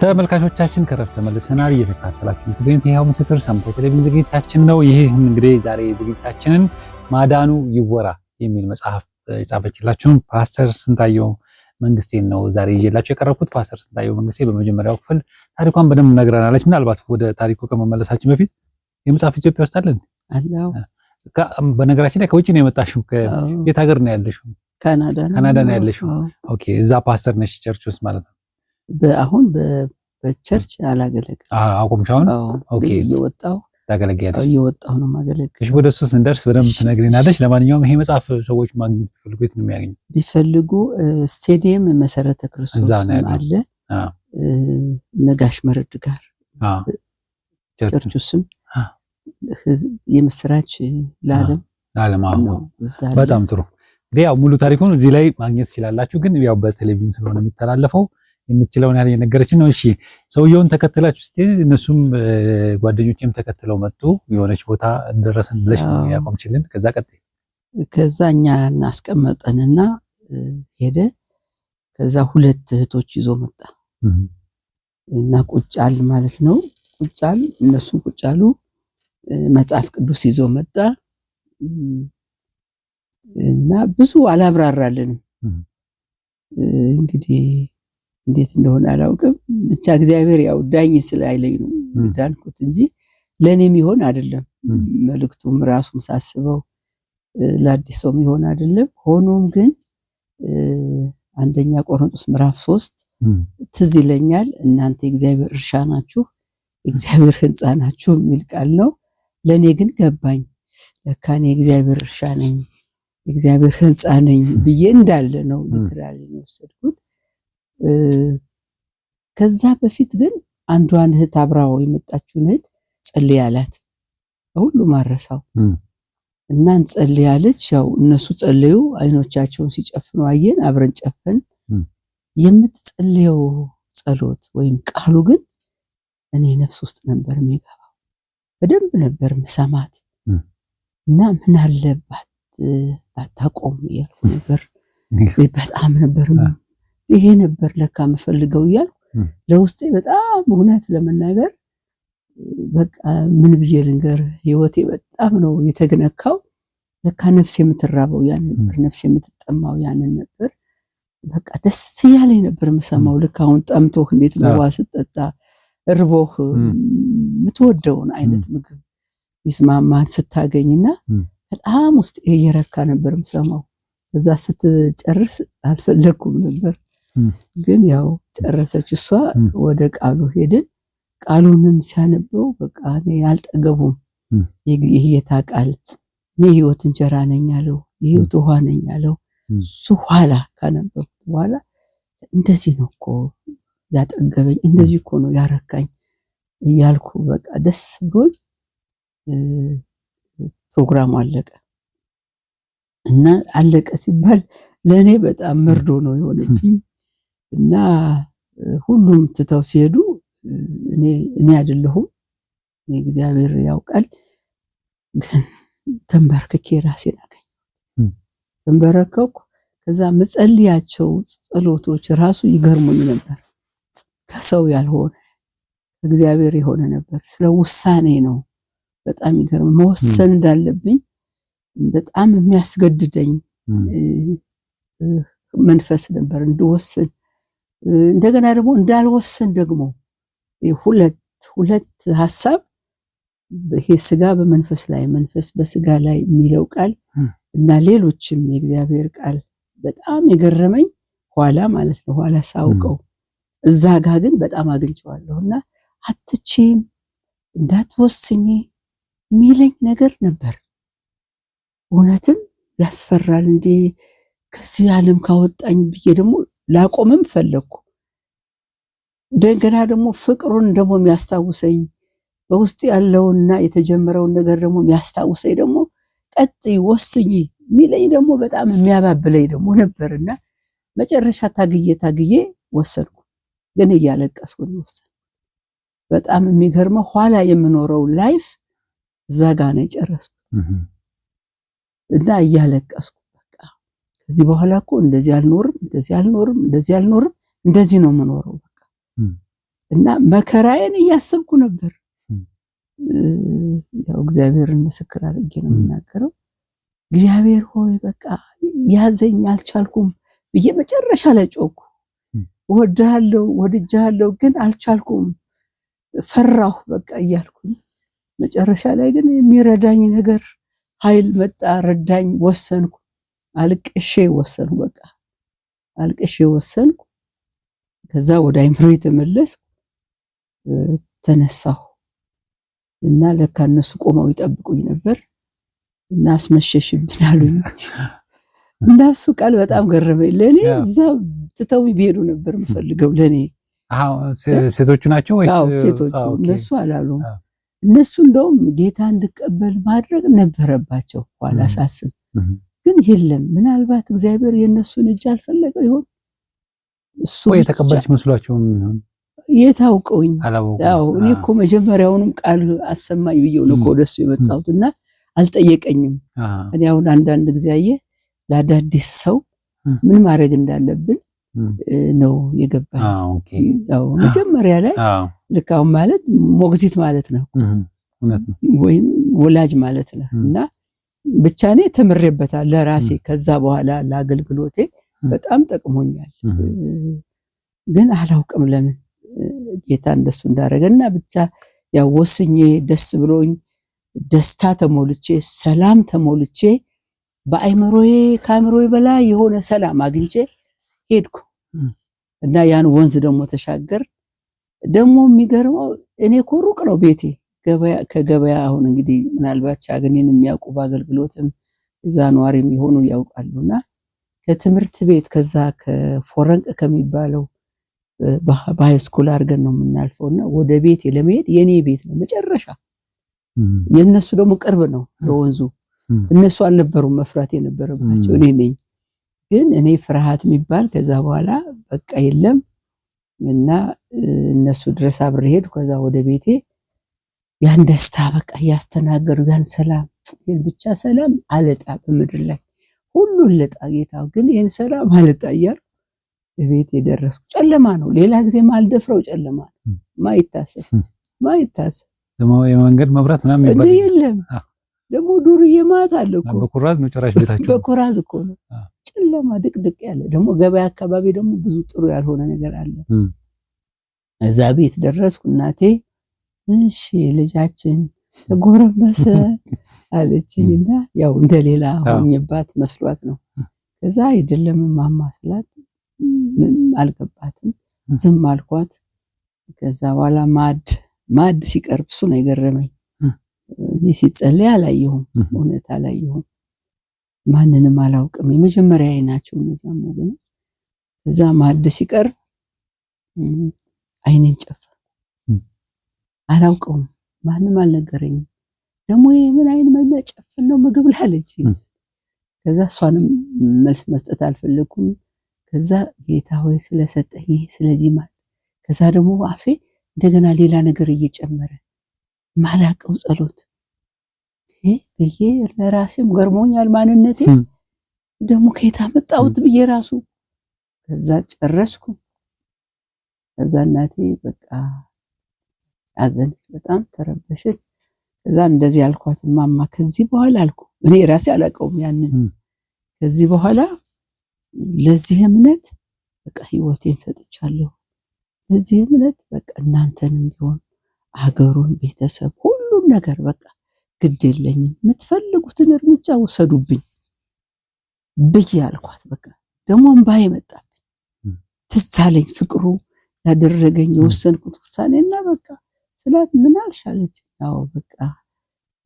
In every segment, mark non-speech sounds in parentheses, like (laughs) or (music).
ተመልካቾቻችን ከረፍት ተመልሰናል። እየተከታተላችሁ የምትገኙት ይኸው ምስክር ሳምንታዊ ቴሌቪዥን ዝግጅታችን ነው። ይህም እንግዲህ ዛሬ ዝግጅታችንን ማዳኑ ይወራ የሚል መጽሐፍ የጻፈችላችሁን ፓስተር ስንታየው መንግስቴን ነው ዛሬ ይዤላችሁ የቀረብኩት። ፓስተር ስንታየው መንግስቴ በመጀመሪያው ክፍል ታሪኳን በደንብ ነግረናለች። ምናልባት ወደ ታሪኩ ከመመለሳችን በፊት የመጽሐፍ ኢትዮጵያ ውስጥ አለን። በነገራችን ላይ ከውጭ ነው የመጣሽው። የት ሀገር ነው ያለሽው? ካናዳ ነው ያለሽው። ኦኬ። እዛ ፓስተር ነሽ ቸርች ውስጥ ማለት ነው አሁን በቸርች አላገለግልም አቁምሻውን እየወጣሁ ታገለግያለሽ እየወጣሁ ነው ማገለግል። ወደ እሱ ስንደርስ በደንብ ትነግሪናለሽ። ለማንኛውም ይሄ መጽሐፍ ሰዎች ማግኘት ቢፈልጉ የት ነው የሚያገኙ? ቢፈልጉ ስቴዲየም መሰረተ ክርስቶስ አለ ነጋሽ መርድ ጋር ቸርቹ ስም የምስራች ለዓለም ለዓለም በጣም ጥሩ እንግዲህ ያው ሙሉ ታሪኩን እዚህ ላይ ማግኘት ትችላላችሁ። ግን ያው በቴሌቪዥን ስለሆነ የሚተላለፈው የምትችለውን ያህል የነገረች ነው። እሺ ሰውየውን ተከትላችሁ ስትሄድ እነሱም ጓደኞቼም ተከትለው መጡ። የሆነች ቦታ ደረስን ብለሽ ያቆምችልን። ከዛ ቀጥ ከዛ እኛ እናስቀመጠንና ሄደ። ከዛ ሁለት እህቶች ይዞ መጣ እና ቁጫል ማለት ነው። ቁጫል እነሱ ቁጫሉ መጽሐፍ ቅዱስ ይዞ መጣ እና ብዙ አላብራራልንም እንግዲህ እንዴት እንደሆነ አላውቅም። ብቻ እግዚአብሔር ያው ዳኝ ስላይለኝ ነው እንዳልኩት እንጂ ለኔም ይሆን አይደለም። መልእክቱም ራሱም ሳስበው ለአዲስ ሰው የሚሆን አይደለም። ሆኖም ግን አንደኛ ቆሮንቶስ ምዕራፍ ሶስት ትዝ ይለኛል። እናንተ የእግዚአብሔር እርሻ ናችሁ፣ የእግዚአብሔር ሕንፃ ናችሁ የሚል ቃል ነው። ለእኔ ግን ገባኝ። ለካ እኔ የእግዚአብሔር እርሻ ነኝ፣ የእግዚአብሔር ሕንፃ ነኝ ብዬ እንዳለ ነው። ሊትራል ነው ከዛ በፊት ግን አንዷን እህት አብራው የመጣችውን እህት ጸልይ አላት። ሁሉም አረሳው እና እንጸልይ ያው እነሱ ጸልዩ፣ አይኖቻቸውን ሲጨፍኑ አየን። አብረን ጨፈን። የምትጸልየው ጸሎት ወይም ቃሉ ግን እኔ ነፍስ ውስጥ ነበር የሚገባው። በደንብ ነበር ምሰማት እና ምን አለባት ባታቆም እያልኩ ነበር። በጣም ነበርም ይሄ ነበር ለካ የምፈልገው እያልኩ ለውስጤ በጣም እውነት ለመናገር በቃ ምን ብዬ ልንገር፣ ህይወቴ በጣም ነው የተገነካው። ለካ ነፍስ የምትራበው ያን ነበር፣ ነፍስ የምትጠማው ያንን ነበር። በቃ ደስ እያለኝ ነበር የምሰማው። ልክ አሁን ጠምቶህ እንዴት ውሃ ስትጠጣ እርቦህ የምትወደውን አይነት ምግብ ሚስማማን ስታገኝና በጣም ውስጥ እየረካ ነበር የምሰማው። እዛ ስትጨርስ አልፈለግኩም ነበር ግን ያው ጨረሰች እሷ። ወደ ቃሉ ሄድን። ቃሉንም ሲያነበው በቃ እኔ አልጠገቡም። የጌታ ቃል እኔ ህይወት እንጀራ ነኝ አለው፣ የሕይወት ውሃ ነኝ አለው። እሱ ኋላ ካነበብኩት በኋላ እንደዚህ ነው እኮ ያጠገበኝ፣ እንደዚህ እኮ ነው ያረካኝ እያልኩ በቃ ደስ ብሎኝ ፕሮግራሙ አለቀ እና አለቀ ሲባል ለእኔ በጣም መርዶ ነው የሆነብኝ። እና ሁሉም ትተው ሲሄዱ እኔ አይደለሁም። እግዚአብሔር ያውቃል። ግን ተንበርክኬ ራሴን አገኘ ተንበረከኩ። ከዛ መጸልያቸው ጸሎቶች ራሱ ይገርሙኝ ነበር። ከሰው ያልሆነ እግዚአብሔር የሆነ ነበር። ስለ ውሳኔ ነው በጣም ይገርም። መወሰን እንዳለብኝ በጣም የሚያስገድደኝ መንፈስ ነበር እንድወስን እንደገና ደግሞ እንዳልወስን ደግሞ ሁለት ሁለት ሀሳብ ይሄ ስጋ በመንፈስ ላይ መንፈስ በስጋ ላይ የሚለው ቃል እና ሌሎችም የእግዚአብሔር ቃል በጣም የገረመኝ ኋላ ማለት ነው። ኋላ ሳውቀው እዛ ጋ ግን በጣም አግኝቼዋለሁ እና አትቼም እንዳትወስኝ የሚለኝ ነገር ነበር። እውነትም ያስፈራል እንዴ ከዚህ ዓለም ካወጣኝ ብዬ ደግሞ ላቆምም ፈለግኩ። እንደገና ደግሞ ፍቅሩን ደግሞ የሚያስታውሰኝ በውስጥ ያለውና የተጀመረውን ነገር ደግሞ የሚያስታውሰኝ ደግሞ ቀጥ ወስኝ የሚለኝ ደግሞ በጣም የሚያባብለኝ ደግሞ ነበርና መጨረሻ ታግዬ ታግዬ ወሰንኩ። ግን እያለቀስኩ ወሰን በጣም የሚገርመው ኋላ የምኖረው ላይፍ ዛጋ ነው የጨረስኩት እና እያለቀስኩ ከዚህ በኋላ እኮ እንደዚህ አልኖርም፣ እንደዚህ አልኖርም፣ እንደዚህ አልኖርም፣ እንደዚህ ነው የምኖረው በቃ እና መከራዬን እያሰብኩ ነበር። ያው እግዚአብሔርን ምስክር አድርጌ ነው የምናገረው። እግዚአብሔር ሆይ በቃ ያዘኝ፣ አልቻልኩም ብዬ መጨረሻ ላይ ጮኩ። ወድሃለሁ፣ ወድጃለሁ ግን አልቻልኩም፣ ፈራሁ በቃ እያልኩኝ መጨረሻ ላይ ግን የሚረዳኝ ነገር ኃይል መጣ፣ ረዳኝ፣ ወሰንኩ አልቅሼ ወሰንኩ። በቃ አልቅሼ ወሰንኩ። ከዛ ወደ አይምሮ የተመለስኩ ተነሳሁ እና ለካ እነሱ ቆመው ይጠብቁኝ ነበር እና አስመሸሽብን አሉኝ። እንዳሱ ቃል በጣም ገረመኝ። ለእኔ እዛ ትተው ቢሄዱ ነበር የምፈልገው። ለእኔ ሴቶቹ ናቸው ወይስ ሴቶቹ? እነሱ አላሉ። እነሱ እንደውም ጌታ እንድቀበል ማድረግ ነበረባቸው ኋላ ሳስብ ግን የለም። ምናልባት እግዚአብሔር የእነሱን እጅ አልፈለገው ይሆን? እሱ የተቀበለች መስሏቸው የታውቀውኝ እኔ እኮ መጀመሪያውንም ቃል አሰማኝ ብዬው ነው ከወደሱ የመጣሁት እና አልጠየቀኝም። እኔ አሁን አንዳንድ ጊዜ ለአዳዲስ ሰው ምን ማድረግ እንዳለብን ነው የገባኝ። መጀመሪያ ላይ ልካሁን ማለት ሞግዚት ማለት ነው ወይም ወላጅ ማለት ነው እና ብቻ እኔ ተምሬበታል ለራሴ። ከዛ በኋላ ለአገልግሎቴ በጣም ጠቅሞኛል። ግን አላውቅም ለምን ጌታ እንደሱ እንዳደረገ እና ብቻ ያው ወስኜ ደስ ብሎኝ ደስታ ተሞልቼ ሰላም ተሞልቼ በአይምሮዬ ከአይምሮዬ በላይ የሆነ ሰላም አግኝቼ ሄድኩ እና ያን ወንዝ ደግሞ ተሻገር። ደግሞ የሚገርመው እኔ እኮ ሩቅ ነው ቤቴ ከገበያ አሁን እንግዲህ ምናልባት ቻግኒን የሚያውቁ በአገልግሎትም እዛ ነዋሪ የሚሆኑ ያውቃሉ እና ከትምህርት ቤት ከዛ ከፎረንቅ ከሚባለው በሃይስኩል አድርገን ነው የምናልፈው እና ወደ ቤቴ ለመሄድ የኔ ቤት ነው መጨረሻ። የእነሱ ደግሞ ቅርብ ነው ለወንዙ። እነሱ አልነበሩም መፍራት የነበረባቸው እኔ ነኝ። ግን እኔ ፍርሃት የሚባል ከዛ በኋላ በቃ የለም እና እነሱ ድረስ አብሬ ሄድኩ። ከዛ ወደ ቤቴ ያን ደስታ በቃ እያስተናገዱ ያን ሰላም ብቻ ሰላም አለጣ በምድር ላይ ሁሉን ልጣ ጌታው ግን ይህን ሰላም አለጣ እያል ቤት የደረሱ ጨለማ ነው። ሌላ ጊዜ ማልደፍረው ጨለማ ነው። ማይታሰብ ማይታሰብ የመንገድ መብራት ምናምን የሚባል የለም። ደግሞ ዱርዬ ማታ አለ እኮ በኩራዝ ቤታቸው በኩራዝ እኮ ነው። ጨለማ ድቅድቅ ያለ ደግሞ ገበያ አካባቢ ደግሞ ብዙ ጥሩ ያልሆነ ነገር አለ። እዛ ቤት ደረስኩ። እናቴ እሺ ልጃችን ጎረመሰ አለችኝ እና ያው እንደሌላ ሆኝባት መስሏት ነው። ከዛ አይደለም ማማ ስላት አልገባትም፣ ዝም አልኳት። ከዛ በኋላ ማድ ማድ ሲቀርብ እሱ ነው የገረመኝ። እኔ ሲጸልይ አላየሁም፣ እውነት አላየሁም፣ ማንንም አላውቅም። የመጀመሪያ ናቸው እነዛም ወገኖች። ከዛ ማድ ሲቀርብ አይኔን ጨፍ አላውቀውም፣ ማንም አልነገረኝም። ደግሞ ይህ ምን አይን መኛ ጨፍን ነው ምግብ ላለች። ከዛ እሷንም መልስ መስጠት አልፈለኩም። ከዛ ጌታ ሆይ ስለሰጠኝ ይሄ ስለዚህ ማለት ከዛ ደግሞ አፌ እንደገና ሌላ ነገር እየጨመረ ማላቀው ጸሎት ብዬ ለራሴም ገርሞኛል። ማንነቴ ደግሞ ከየት አመጣሁት ብዬ ራሱ ከዛ ጨረስኩ። ከዛ እናቴ በቃ አዘነች፣ በጣም ተረበሸች። እዛ እንደዚህ አልኳት፣ ማማ ከዚህ በኋላ አልኩ እኔ ራሴ አላውቀውም ያንን ከዚህ በኋላ ለዚህ እምነት በቃ ህይወቴን ሰጥቻለሁ። ለዚህ እምነት በቃ እናንተንም ቢሆን አገሩን፣ ቤተሰብ፣ ሁሉን ነገር በቃ ግድ የለኝም የምትፈልጉትን እርምጃ ወሰዱብኝ ብዬ አልኳት። በቃ ደግሞ እምባ መጣብኝ፣ ትዝ አለኝ ፍቅሩ ያደረገኝ የወሰንኩት እና በቃ ስላት ምን አልሻለች? ያው በቃ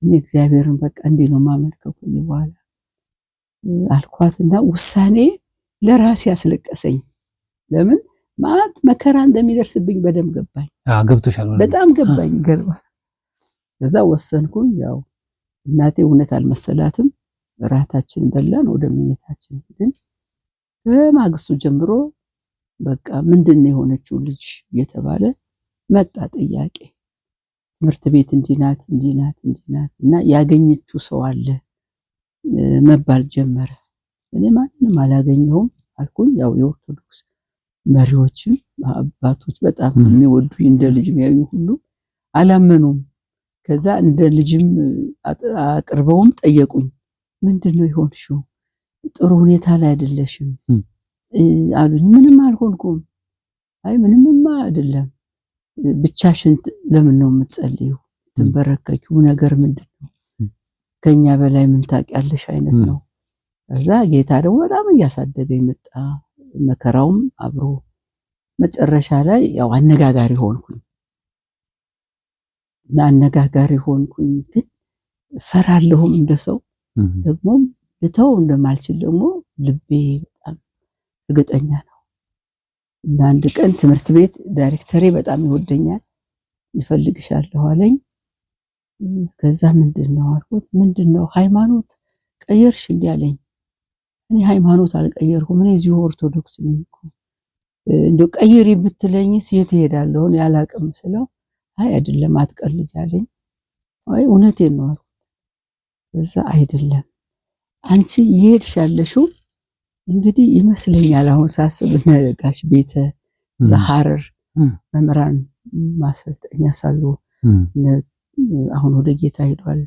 እኔ እግዚአብሔርን በቃ እንዲህ ነው ማመልከው ከዚህ በኋላ አልኳትና ውሳኔ ለራሴ ያስለቀሰኝ። ለምን ማት መከራ እንደሚደርስብኝ በደም ገባኝ። ገብቶሻል? በጣም ገባኝ። ገርባ ከዛ ወሰንኩኝ። ያው እናቴ እውነት አልመሰላትም። ራታችን በላን፣ ወደ መኝታችን ሄድን። ከማግስቱ ጀምሮ በቃ ምንድን ነው የሆነችው ልጅ እየተባለ መጣ ጥያቄ ትምህርት ቤት እንዲህ ናት እንዲህ ናት እንዲህ ናት እና ያገኘችው ሰው አለ መባል ጀመረ። እኔ ማንም አላገኘሁም አልኩኝ። ያው የኦርቶዶክስ መሪዎችም አባቶች በጣም የሚወዱኝ እንደ ልጅ የሚያዩ ሁሉ አላመኑም። ከዛ እንደ ልጅም አቅርበውም ጠየቁኝ። ምንድን ነው የሆንሽው? ጥሩ ሁኔታ ላይ አይደለሽም አሉኝ። ምንም አልሆንኩም። አይ ምንምማ አይደለም ብቻሽን ለምን ነው የምትጸልዩ? ትንበረከኪው ነገር ምንድን ነው? ከኛ በላይ ምን ታውቂያለሽ? አይነት ነው። ከዛ ጌታ ደግሞ በጣም እያሳደገ የመጣ መከራውም አብሮ መጨረሻ ላይ ያው አነጋጋሪ ሆንኩኝ እና አነጋጋሪ ሆንኩኝ። ግን ፈራለሁም እንደ ሰው ደግሞ ልተው እንደማልችል ደግሞ ልቤ በጣም እርግጠኛ ነው። እንዳንድ ቀን ትምህርት ቤት ዳይሬክተሬ በጣም ይወደኛል፣ ይፈልግሻለሁ አለኝ። ከዛ ምንድን ነው አልኩት። ምንድን ነው ሃይማኖት ቀየርሽ እንዲህ አለኝ። እኔ ሃይማኖት አልቀየርኩም፣ እኔ እዚሁ ኦርቶዶክስ ነኝ እኮ እንዲሁ ቀይር የምትለኝስ የት እሄዳለሁ ያላቅም ስለው፣ አይ አይደለም አትቀልጅ አለኝ። አይ እውነቴን ነው አልኩት። በዛ አይደለም አንቺ ይሄድሽ ያለሽው እንግዲህ ይመስለኛል አሁን ሳስብ እነረጋሽ ቤተ ዘሐረር መምህራን ማሰልጠኛ ሳሉ አሁን ወደ ጌታ ሄዷል።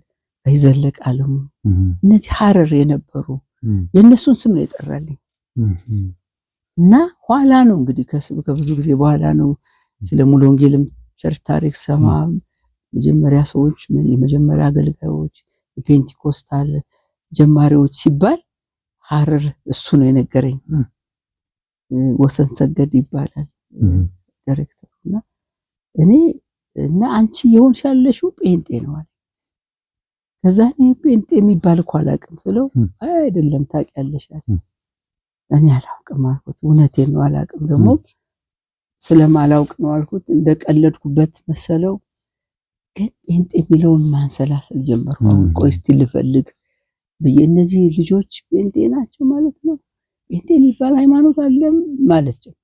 አይዘለቅ አለሙ እነዚህ ሐረር የነበሩ የእነሱን ስም ነው የጠራልኝ እና ኋላ ነው እንግዲህ ከብዙ ጊዜ በኋላ ነው ስለ ሙሉ ወንጌልም ቸርች ታሪክ ሰማ። መጀመሪያ ሰዎች የመጀመሪያ አገልጋዮች የፔንቲኮስታል ጀማሪዎች ሲባል ሀረር እሱ ነው የነገረኝ። ወሰን ሰገድ ይባላል ዳይሬክተሩ። እና እኔ እና አንቺ የሆንሽ ያለሽው ጴንጤ ነው አለ። ከዛ እኔ ጴንጤ የሚባል እኮ አላውቅም ስለው አይደለም ታውቂያለሽ አለ። እኔ አላውቅም አልኩት። እውነቴን ነው አላውቅም። ደግሞ ስለማላውቅ ነው አልኩት። እንደቀለድኩበት መሰለው። ግን ጴንጤ የሚለውን ማንሰላሰል ጀመርኩ። ቆይ እስቲ ልፈልግ እነዚህ ልጆች ጴንጤ ናቸው ማለት ነው። ጴንጤ የሚባል ሃይማኖት አለም ማለት ጀመርኩ።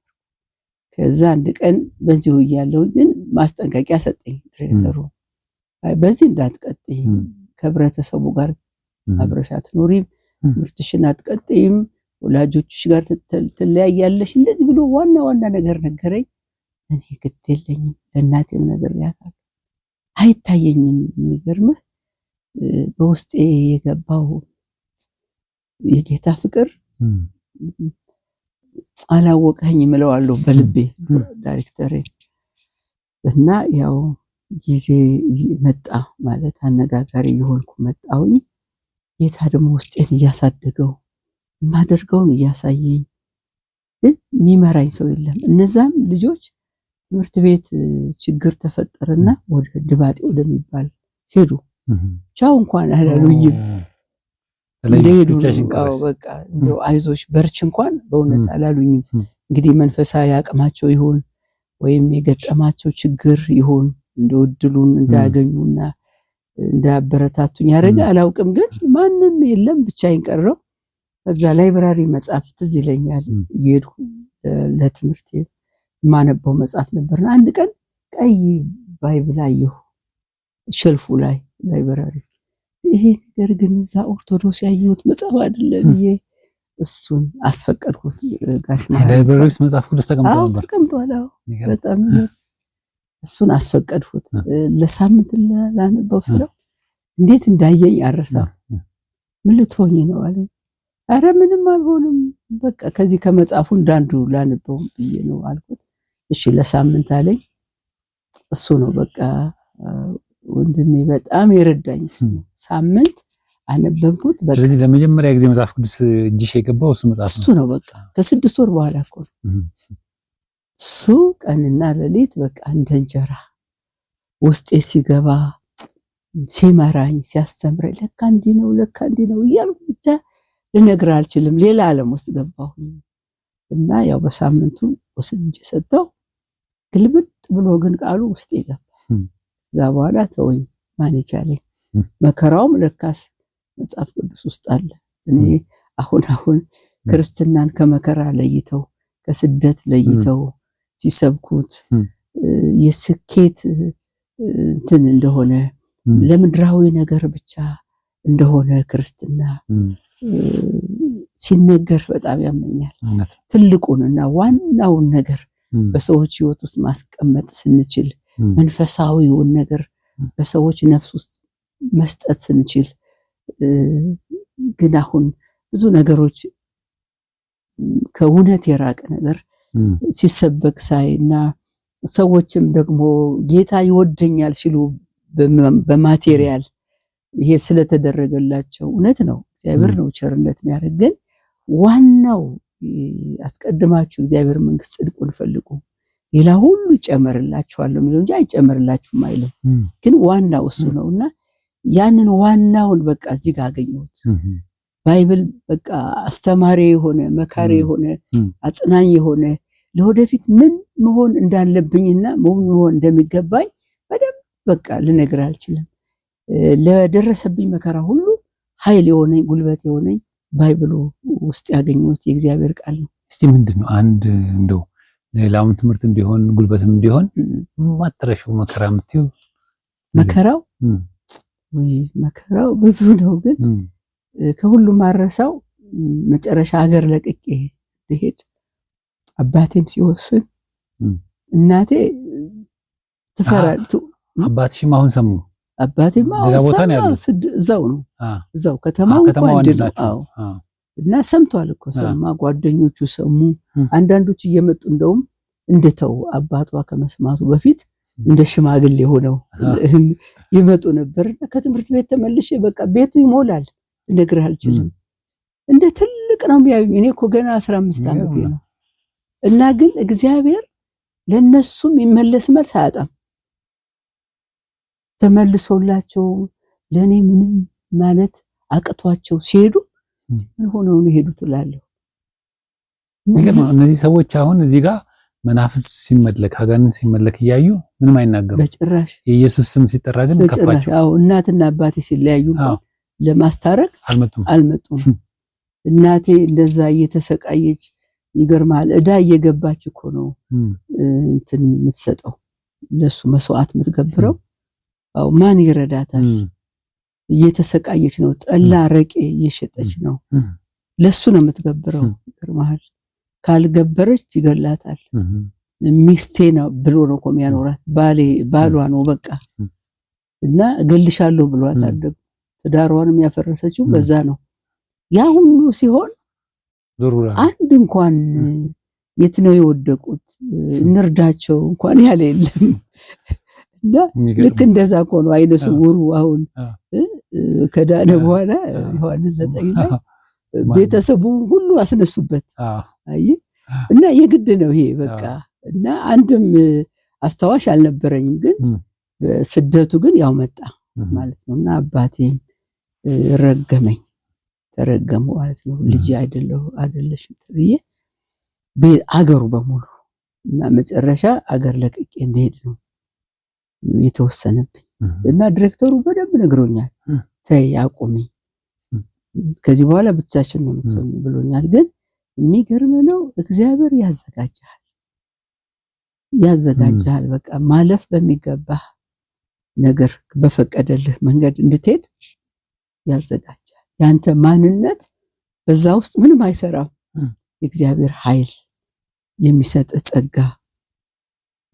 ከዛ አንድ ቀን በዚሁ እያለሁ ግን ማስጠንቀቂያ ሰጠኝ ዲሬክተሩ፣ በዚህ እንዳትቀጥይ ከህብረተሰቡ ጋር አብረሽ አትኖሪም፣ ትምህርትሽን አትቀጥይም፣ ወላጆችሽ ጋር ትለያያለሽ፣ እንደዚህ ብሎ ዋና ዋና ነገር ነገረኝ። እኔ ግድ የለኝም፣ ለእናቴም ነገር ያታል አይታየኝም። የሚገርምህ በውስጤ የገባው የጌታ ፍቅር አላወቀኝ ምለዋለሁ በልቤ ዳይሬክተሬ እና ያው ጊዜ መጣ ማለት አነጋጋሪ የሆንኩ መጣውኝ። ጌታ ደግሞ ውስጤን እያሳደገው የማደርገውን እያሳየኝ፣ ግን የሚመራኝ ሰው የለም። እነዛም ልጆች ትምህርት ቤት ችግር ተፈጠረና ወደ ድባጤ ወደሚባል ሄዱ። ቻው እንኳን አላሉኝም። እንደሄዱ በቃ እንደው አይዞሽ በርች እንኳን በእውነት አላሉኝም። እንግዲህ መንፈሳዊ አቅማቸው ይሆን ወይም የገጠማቸው ችግር ይሆን እንደው እድሉን እንዳያገኙና እንዳያበረታቱኝ ያደረገ አላውቅም። ግን ማንም የለም ብቻዬን ቀረው። በዛ ላይብራሪ መጽሐፍ ትዝ ይለኛል እየሄድኩ ለትምህርት የማነበው መጽሐፍ ነበርና አንድ ቀን ቀይ ባይብል አየሁ ሸልፉ ላይ ላይበራሪ ይሄ ነገር ግን እዛ ኦርቶዶክስ ያየሁት መጽሐፍ አይደለም ብዬ እሱን አስፈቀድኩት። ጋሽ ላይብራሪ ውስጥ መጽሐፍ ቅዱስ ተቀምጧል በጣም እሱን አስፈቀድኩት። ለሳምንት ላነበው ስለው እንዴት እንዳየኝ አረሳ። ምን ልትሆኝ ነው አለ። አረ ምንም አልሆንም፣ በቃ ከዚህ ከመጽሐፉ እንዳንዱ ላነበው ብዬ ነው አልኩት። እሺ ለሳምንት አለኝ። እሱ ነው በቃ ወንድሜ በጣም የረዳኝ ሳምንት አነበብኩት። ስለዚህ ለመጀመሪያ ጊዜ መጽሐፍ ቅዱስ እጅሽ የገባው እሱ መጽሐፍ እሱ ነው። በቃ ከስድስት ወር በኋላ እኮ እሱ ቀንና ሌሊት በቃ እንደ እንጀራ ውስጤ ሲገባ ሲመራኝ ሲያስተምረኝ፣ ለካ እንዲህ ነው ለካ እንዲህ ነው እያልኩ ብቻ ልነግር አልችልም። ሌላ ዓለም ውስጥ ገባሁ እና ያው በሳምንቱ ወስጄ ሰጠው። ግልብጥ ብሎ ግን ቃሉ ውስጤ ገባ። እዛ በኋላ ተወኝ ማን ይቻለኝ። መከራውም ለካስ መጽሐፍ ቅዱስ ውስጥ አለ። እኔ አሁን አሁን ክርስትናን ከመከራ ለይተው ከስደት ለይተው ሲሰብኩት የስኬት እንትን እንደሆነ ለምድራዊ ነገር ብቻ እንደሆነ ክርስትና ሲነገር በጣም ያመኛል። ትልቁን እና ዋናውን ነገር በሰዎች ሕይወት ውስጥ ማስቀመጥ ስንችል መንፈሳዊውን ነገር በሰዎች ነፍስ ውስጥ መስጠት ስንችል፣ ግን አሁን ብዙ ነገሮች ከእውነት የራቀ ነገር ሲሰበክ ሳይ እና ሰዎችም ደግሞ ጌታ ይወደኛል ሲሉ በማቴሪያል ይሄ ስለተደረገላቸው እውነት ነው። እግዚአብሔር ነው ቸርነት የሚያደርግ ግን ዋናው አስቀድማችሁ እግዚአብሔር መንግስት ጽድቁን ፈልጉ። ሌላ ሁሉ ይጨመርላችኋለሁ የሚለው እንጂ አይጨመርላችሁም አይለው። ግን ዋናው እሱ ነው እና ያንን ዋናውን በቃ እዚህ ጋር አገኘሁት። ባይብል በቃ አስተማሪ የሆነ መካሪ የሆነ አጽናኝ የሆነ ለወደፊት ምን መሆን እንዳለብኝና ምን መሆን እንደሚገባኝ በደንብ በቃ ልነግር አልችልም። ለደረሰብኝ መከራ ሁሉ ኃይል የሆነኝ ጉልበት የሆነኝ ባይብሉ ውስጥ ያገኘሁት የእግዚአብሔር ቃል ነው። እስቲ ምንድን ነው አንድ እንደው ሌላውም ትምህርት እንዲሆን ጉልበትም እንዲሆን ማትረሹ መከራ የምትይው መከራው ወይ መከራው ብዙ ነው። ግን ከሁሉም አረሳው መጨረሻ ሀገር ለቅቄ ልሄድ አባቴም ሲወስን እናቴ ትፈራል። አባትሽም አሁን ሰሙ። አባቴም አሁን ሰማ። እዛው ነው እዛው ከተማው እንኳን እና ሰምቷል እኮ ሰማ፣ ጓደኞቹ ሰሙ። አንዳንዶቹ እየመጡ እንደውም እንደተው አባቷ ከመስማቱ በፊት እንደ ሽማግሌ ሆነው ይመጡ ነበር። እና ከትምህርት ቤት ተመልሼ በቃ ቤቱ ይሞላል፣ እነግርህ አልችልም። እንደ ትልቅ ነው የሚያዩኝ። እኔ እኮ ገና አስራ አምስት ዓመቴ ነው። እና ግን እግዚአብሔር ለእነሱም ይመለስ መልስ አያጣም። ተመልሶላቸው ለእኔ ምንም ማለት አቅቷቸው ሲሄዱ ምን ሆነው ነው ሄዱት እላለሁ። እነዚህ ሰዎች አሁን እዚህ ጋር መናፍስ ሲመለክ አጋንንት ሲመለክ እያዩ ምንም አይናገሩ በጭራሽ። የኢየሱስ ስም ሲጠራ ግን ከፋቸው። አዎ እናትና አባቴ ሲለያዩ ለማስታረቅ አልመጡም አልመጡም። እናቴ እንደዛ እየተሰቃየች ይገርማል። እዳ እየገባች እኮ ነው እንትን የምትሰጠው ለሱ መስዋዕት የምትገብረው። አዎ ማን ይረዳታል? እየተሰቃየች ነው። ጠላ አረቄ እየሸጠች ነው። ለሱ ነው የምትገብረው። ግርማል ካልገበረች ይገላታል። ሚስቴ ነው ብሎ ነው እኮ የሚያኖራት ባሌ ባሏ ነው በቃ እና እገልሻለሁ ብሏት ደግሞ ትዳሯንም ያፈረሰችው በዛ ነው። ያ ሁሉ ሲሆን አንድ እንኳን የት ነው የወደቁት እንርዳቸው እንኳን ያለ የለም። እና ልክ እንደዛ እኮ ነው አይነ ስውሩ አሁን ከዳነ በኋላ ዮሐንስ ዘጠኝ ላይ ቤተሰቡ ሁሉ አስነሱበት። አይ እና የግድ ነው ይሄ በቃ እና አንድም አስታዋሽ አልነበረኝም፣ ግን ስደቱ ግን ያው መጣ ማለት ነው እና አባቴም ረገመኝ ተረገሙ ማለት ነው። ልጅ አይደለሁ አይደለሽም ተብዬ አገሩ በሙሉ እና መጨረሻ አገር ለቅቄ እንደሄድ ነው የተወሰነብኝ እና ዲሬክተሩ በደንብ ነግሮኛል። ተይ አቁሚ፣ ከዚህ በኋላ ብቻችን ነው የምትሆኝ ብሎኛል። ግን የሚገርም ነው እግዚአብሔር ያዘጋጃል ያዘጋጃል በቃ ማለፍ በሚገባ ነገር በፈቀደልህ መንገድ እንድትሄድ ያዘጋጃል። ያንተ ማንነት በዛ ውስጥ ምንም አይሰራም። የእግዚአብሔር ኃይል የሚሰጥ ጸጋ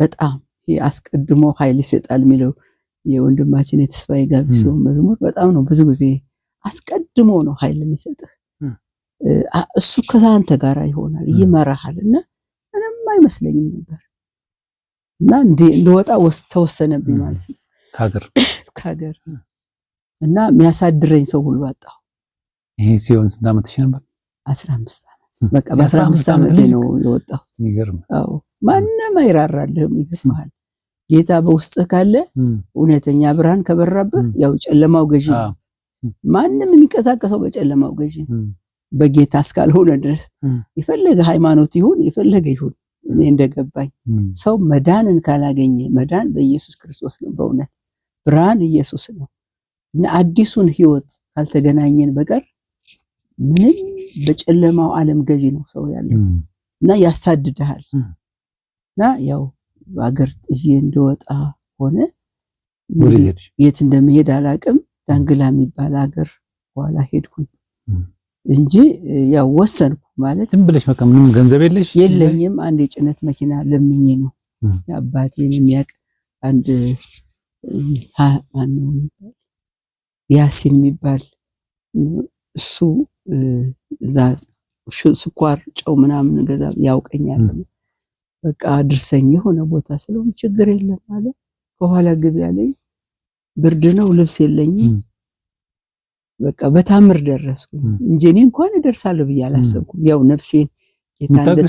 በጣም አስቀድሞ ኃይል ይሰጣል የሚለው የወንድማችን የተስፋዬ ጋቢሶ መዝሙር በጣም ነው ብዙ ጊዜ አስቀድሞ ነው ኃይል የሚሰጥህ። እሱ ከአንተ ጋር ይሆናል ይመራሃል። እና ምንም አይመስለኝም ነበር እና እንደወጣ ተወሰነብኝ ማለት ነው (coughs) ከሀገር እና የሚያሳድረኝ ሰው ሁሉ አጣሁ። ይሄ ሲሆን ስንት ዓመትሽ ነበር? አስራ አምስት ዓመት በቃ በአስራ አምስት ዓመቴ ነው የወጣሁት። ማንም አይራራልህም ይገርምሃል። ጌታ በውስጥ ካለ እውነተኛ ብርሃን ከበራብህ፣ ያው ጨለማው ገዢ ነው። ማንም የሚንቀሳቀሰው በጨለማው ገዢ ነው። በጌታ እስካልሆነ ድረስ የፈለገ ሃይማኖት ይሁን የፈለገ ይሁን እኔ እንደገባኝ ሰው መዳንን ካላገኘ መዳን በኢየሱስ ክርስቶስ ነው። በእውነት ብርሃን ኢየሱስ ነው እና አዲሱን ህይወት ካልተገናኘን በቀር ምንም በጨለማው ዓለም ገዢ ነው ሰው ያለው እና ያሳድድሃል እና ያው አገር ጥዬ እንደወጣ ሆነ። የት እንደመሄድ አላቅም። ዳንግላ የሚባል አገር በኋላ ሄድኩኝ እንጂ ያው ወሰንኩ ማለት ዝም ብለሽ በቃ ምንም ገንዘብ የለሽ? የለኝም። አንድ የጭነት መኪና ለምኜ ነው አባቴን የሚያቅ አንድ ማነው ያሲን የሚባል እሱ እዛ ስኳር ጨው ምናምን ገዛ ያውቀኛል። በቃ አድርሰኝ የሆነ ቦታ ስለውም ችግር የለም አለ። ከኋላ ግቢ ያለኝ ብርድ ነው፣ ልብስ የለኝም። በቃ በታምር ደረስኩኝ እንጂ እኔ እንኳን እደርሳለሁ ብዬ አላሰብኩም። ያው ነፍሴን የለም የትም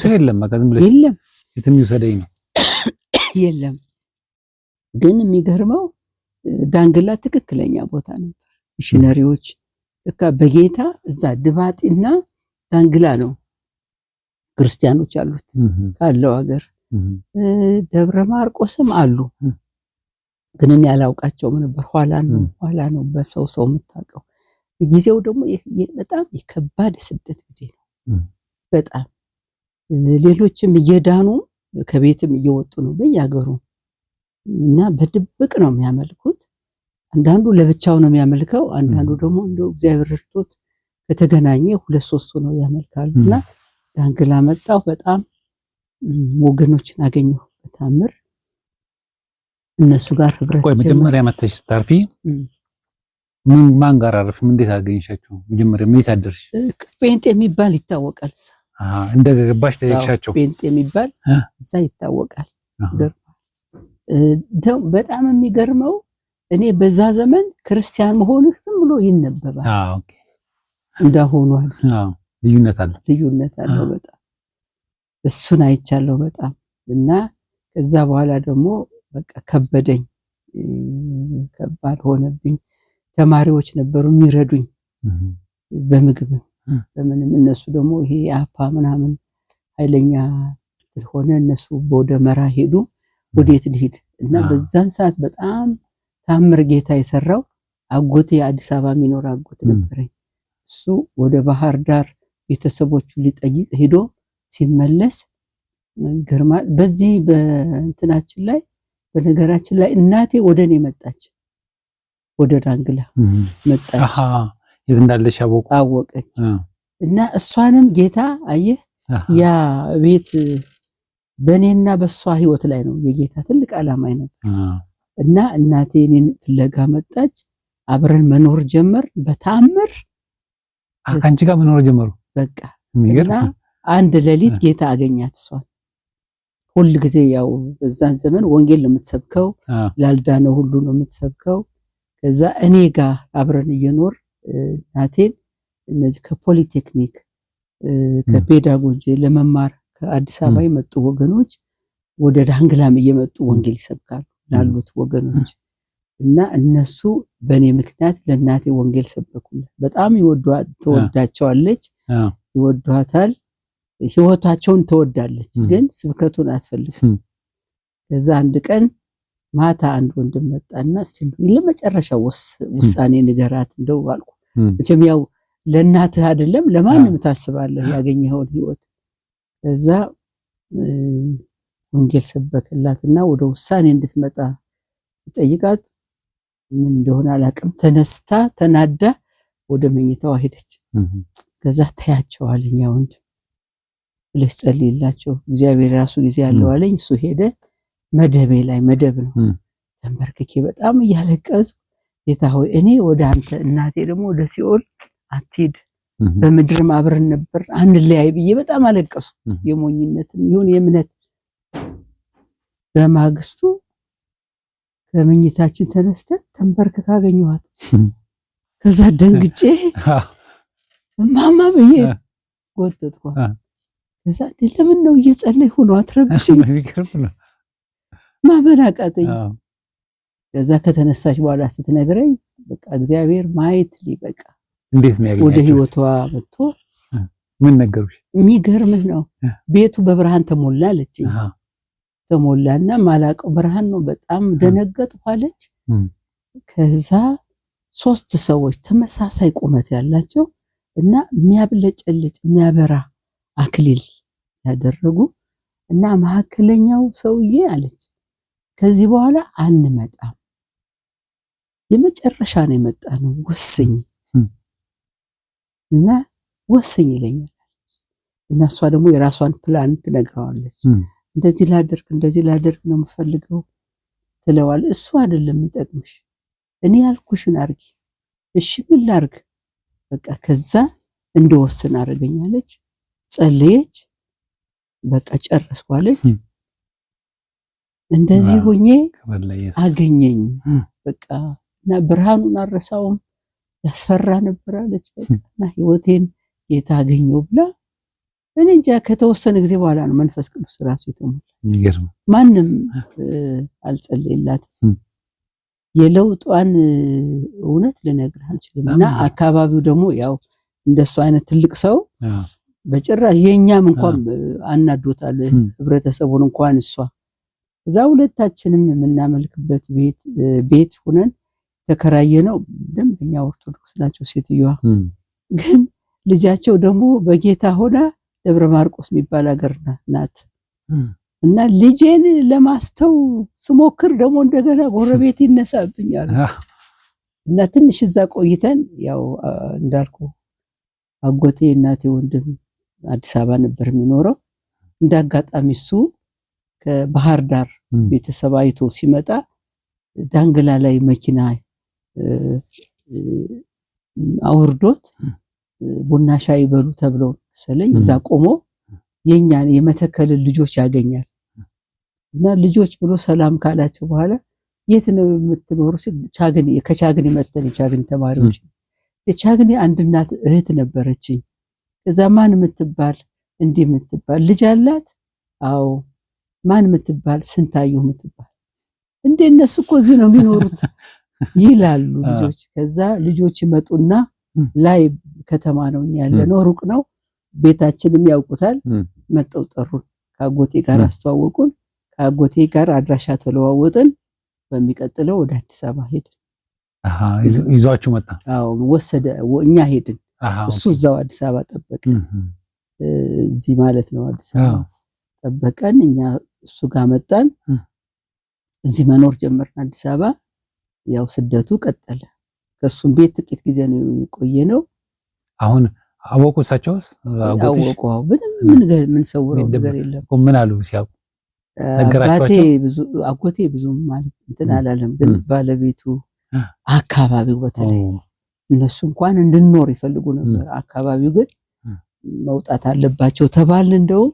ይውሰደኝ ነው የለም። ግን የሚገርመው ዳንግላ ትክክለኛ ቦታ ነበር። ሚሽነሪዎች በቃ በጌታ እዛ ድባጢና ዳንግላ ነው ክርስቲያኖች አሉት ካለው ሀገር ደብረ ማርቆስም አሉ። ግን እኔ አላውቃቸውም ነበር። ኋላ ነው ኋላ ነው በሰው ሰው የምታውቀው። ጊዜው ደግሞ በጣም የከባድ ስደት ጊዜ ነው። በጣም ሌሎችም እየዳኑ ከቤትም እየወጡ ነው በየሀገሩ እና በድብቅ ነው የሚያመልኩት። አንዳንዱ ለብቻው ነው የሚያመልከው። አንዳንዱ ደግሞ እንደው እግዚአብሔር ርቶት ከተገናኘ ሁለት ሶስቱ ነው ያመልካሉ እና ዳንግላ መጣሁ። በጣም ወገኖችን አገኘሁ በታምር እነሱ ጋር ህብረት። ቆይ መጀመሪያ መተሽ ስታርፊ ምን ማን ጋር አረፍ? እንዴት አገኘሻቸው? መጀመሪያ ምን ታደርሽ? ጴንጤ የሚባል ይታወቃል። አሃ እንደገባሽ ጠየቅሻቸው? ጴንጤ የሚባል እዛ ይታወቃል። በጣም የሚገርመው እኔ በዛ ዘመን ክርስቲያን መሆንህ ዝም ብሎ ይነበባል። አዎ ኦኬ እንዳሆኗል። አዎ ልዩነት አለው ልዩነት አለው በጣም እሱን አይቻለው በጣም እና ከዛ በኋላ ደግሞ በቃ ከበደኝ፣ ከባድ ሆነብኝ። ተማሪዎች ነበሩ የሚረዱኝ በምግብ በምንም እነሱ ደግሞ ይሄ አፓ ምናምን ኃይለኛ ሆነ እነሱ ወደ መራ ሄዱ። ወዴት ልሂድ እና በዛን ሰዓት በጣም ታምር ጌታ የሰራው አጎቴ አዲስ አበባ የሚኖር አጎት ነበረኝ። እሱ ወደ ባህር ዳር ቤተሰቦቹን ሊጠይቅ ሄዶ ሲመለስ ይገርማል። በዚህ በእንትናችን ላይ በነገራችን ላይ እናቴ ወደ እኔ መጣች፣ ወደ ዳንግላ መጣች። የት እንዳለሽ አወቀች። እና እሷንም ጌታ አየህ ያ ቤት በእኔና በእሷ ህይወት ላይ ነው የጌታ ትልቅ ዓላማ ነበር። እና እናቴ እኔን ፍለጋ መጣች። አብረን መኖር ጀመር። በታምር ከአንቺ ጋር መኖር ጀመሩ። በቃ እና አንድ ሌሊት ጌታ አገኛት እሷን። ሁል ጊዜ ያው በዛን ዘመን ወንጌል ነው የምትሰብከው፣ ላልዳነ ሁሉ ነው የምትሰብከው። ከዛ እኔ ጋር አብረን እየኖር እናቴን እነዚህ ከፖሊቴክኒክ ከፔዳጎጂ ለመማር ከአዲስ አበባ የመጡ ወገኖች ወደ ዳንግላም እየመጡ ወንጌል ይሰብካሉ ላሉት ወገኖች እና እነሱ በእኔ ምክንያት ለእናቴ ወንጌል ሰበኩላት። በጣም ተወዳቸዋለች፣ ይወዷታል፣ ህይወታቸውን ትወዳለች። ግን ስብከቱን አትፈልግም። ከዛ አንድ ቀን ማታ አንድ ወንድም መጣና ለመጨረሻ ውሳኔ ንገራት እንደው አልኩ። መቼም ያው ለእናትህ አይደለም ለማንም ታስባለህ ያገኘኸውን ህይወት። ከዛ ወንጌል ሰበክላትና ወደ ውሳኔ እንድትመጣ ይጠይቃት ምን እንደሆነ አላቅም። ተነስታ ተናዳ ወደ መኝታዋ ሄደች። ከዛ ታያቸው አለኝ ወንድ ብለሽ ጸልይላቸው እግዚአብሔር ራሱ ጊዜ ያለው አለኝ። እሱ ሄደ። መደቤ ላይ መደብ ነው ተንበርክኬ በጣም እያለቀሱ ጌታ ሆይ እኔ ወደ አንተ እናቴ ደግሞ ወደ ሲኦል አትሂድ በምድርም አብረን ነበር ላይ ብዬ በጣም አለቀሱ። የሞኝነትም ይሁን የእምነት በማግስቱ ከመኝታችን ተነስተን ተንበርክካ አገኘኋት። ከዛ ደንግጬ እማማ ብዬ ጎጠጥኳት። ከዛ ለምን ነው እየጸለይ ሆኖ አትረብሽኝ ማመን አቃተኝ። ከዛ ከተነሳች በኋላ ስትነግረኝ በቃ እግዚአብሔር ማየት ሊበቃ እንዴት ነው ወደ ህይወቷ መጥቶ ምን ነገሩሽ? የሚገርምህ ነው ቤቱ በብርሃን ተሞላ አለችኝ። ተሞላና ማላቀው ብርሃን ነው። በጣም ደነገጥኩ አለች። ከዛ ሶስት ሰዎች ተመሳሳይ ቁመት ያላቸው እና የሚያብለጨልጭ የሚያበራ አክሊል ያደረጉ እና መካከለኛው ሰውዬ አለች ከዚህ በኋላ አንመጣም፣ የመጨረሻ ነው የመጣ ነው ወስኝ እና ወስኝ ይለኛል እና እሷ ደግሞ የራሷን ፕላን ትነግረዋለች። እንደዚህ ላደርግ እንደዚህ ላደርግ ነው የምፈልገው ትለዋል። እሱ አይደለም የሚጠቅምሽ፣ እኔ ያልኩሽን አርጊ። እሺ ምን ላርግ? በቃ ከዛ እንደወስን አደረገኛለች። ጸለየች፣ በቃ ጨረስኳለች። እንደዚህ ሆኜ አገኘኝ በቃ እና ብርሃኑን አረሳውም ያስፈራ አለች። በቃ እና ህይወቴን የታገኘው ብላ እኔ እንጃ ከተወሰነ ጊዜ በኋላ ነው መንፈስ ቅዱስ ራሱ የተሞላ። ማንም አልጸለየላትም። የለውጧን እውነት ልነግር አልችልም። እና አካባቢው ደግሞ ያው እንደሱ አይነት ትልቅ ሰው በጭራሽ የእኛም እንኳን አናዶታል ህብረተሰቡን እንኳን እሷ እዛ ሁለታችንም የምናመልክበት ቤት ቤት ሁነን ተከራየ ነው። ደንበኛ ኦርቶዶክስ ናቸው ሴትዮዋ ግን ልጃቸው ደግሞ በጌታ ሆና ደብረ ማርቆስ የሚባል ሀገር ናት። እና ልጄን ለማስተው ስሞክር ደግሞ እንደገና ጎረቤት ይነሳብኛል። እና ትንሽ እዛ ቆይተን ያው እንዳልኩ አጎቴ እናቴ ወንድም አዲስ አበባ ነበር የሚኖረው። እንዳጋጣሚ አጋጣሚ እሱ ከባህር ዳር ቤተሰብ አይቶ ሲመጣ ዳንግላ ላይ መኪና አውርዶት ቡና ሻይ በሉ ተብለው መሰለኝ እዛ ቆሞ የኛ የመተከልን ልጆች ያገኛል። እና ልጆች ብሎ ሰላም ካላቸው በኋላ የት ነው የምትኖሩ? ቻግኒ ከቻግኒ መጥተን የቻግኒ ተማሪዎች የቻግኒ አንድ እናት እህት ነበረችኝ። ከዛ ማን የምትባል እንዲህ የምትባል ልጅ አላት። አዎ ማን የምትባል ስንታየሁ የምትባል እንደ እነሱ እኮ እዚህ ነው የሚኖሩት (laughs) ይላሉ ልጆች። ከዛ ልጆች ይመጡና ላይ ከተማ ነው ያለ ነው ሩቅ ነው ቤታችንም ያውቁታል። መጠው ጠሩን። ከአጎቴ ጋር አስተዋወቁን። ከአጎቴ ጋር አድራሻ ተለዋወጥን። በሚቀጥለው ወደ አዲስ አበባ ሄድን። ይዟችሁ መጣ። አዎ ወሰደ። እኛ ሄድን፣ እሱ እዛው አዲስ አበባ ጠበቀን። እዚህ ማለት ነው አዲስ አበባ ጠበቀን። እኛ እሱ ጋር መጣን። እዚህ መኖር ጀመርን አዲስ አበባ። ያው ስደቱ ቀጠለ። ከእሱም ቤት ጥቂት ጊዜ ነው የቆየ ነው አሁን አወቁ። እሳቸውስ አወቁ። ምንም ነገር የለም። ምን አሉ ሲያውቁ? አጎቴ ብዙ ማለት እንትን አላለም፣ ግን ባለቤቱ አካባቢው በተለይ እነሱ እንኳን እንድንኖር ይፈልጉ ነበር። አካባቢው ግን መውጣት አለባቸው ተባል እንደውም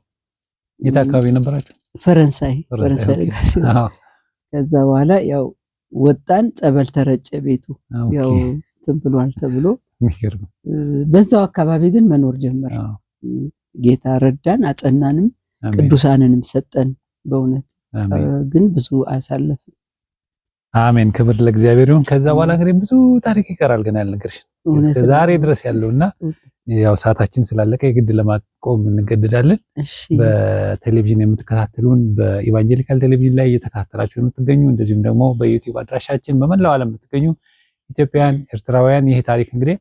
የት አካባቢ ነበራቸው? ፈረንሳይ ፈረንሳይ ለጋሴ። ከዛ በኋላ ያው ወጣን፣ ጸበል ተረጨ ቤቱ ያው እንትን ብሏል ተብሎ የሚገርም በዛው አካባቢ ግን መኖር ጀመረ። ጌታ ረዳን፣ አጸናንም፣ ቅዱሳንንም ሰጠን። በእውነት ግን ብዙ አሳለፍ። አሜን። ክብር ለእግዚአብሔር ይሁን። ከዛ በኋላ እንግዲህ ብዙ ታሪክ ይቀራል ገና ያልነገርሽን እስከ ዛሬ ድረስ ያለውና ያው ሰዓታችን ስላለቀ የግድ ለማቆም እንገደዳለን። በቴሌቪዥን የምትከታተሉን በኢቫንጀሊካል ቴሌቪዥን ላይ እየተከታተላችሁ የምትገኙ እንደዚሁም ደግሞ በዩቲዩብ አድራሻችን በመላው ዓለም የምትገኙ ኢትዮጵያውያን፣ ኤርትራውያን ይህ ታሪክ እንግዲህ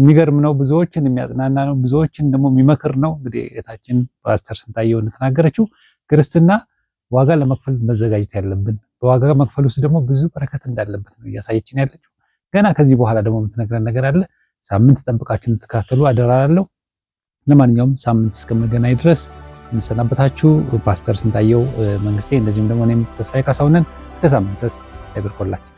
የሚገርም ነው። ብዙዎችን የሚያጽናና ነው። ብዙዎችን ደግሞ የሚመክር ነው። እንግዲህ ጌታችን ፓስተር ስንታየው እንደተናገረችው ክርስትና ዋጋ ለመክፈል መዘጋጀት ያለብን በዋጋ መክፈል ውስጥ ደግሞ ብዙ በረከት እንዳለበት ነው እያሳየችን ያለችው። ገና ከዚህ በኋላ ደግሞ የምትነግረን ነገር አለ። ሳምንት ጠብቃችሁ እንድትከታተሉ አደራላለሁ። ለማንኛውም ሳምንት እስከምንገናኝ ድረስ የምንሰናበታችሁ ፓስተር ስንታየው መንግስቴ፣ እንደዚሁም ደግሞ እኔም ተስፋዬ እስከ ሳምንት ድረስ ይብርኮላችሁ።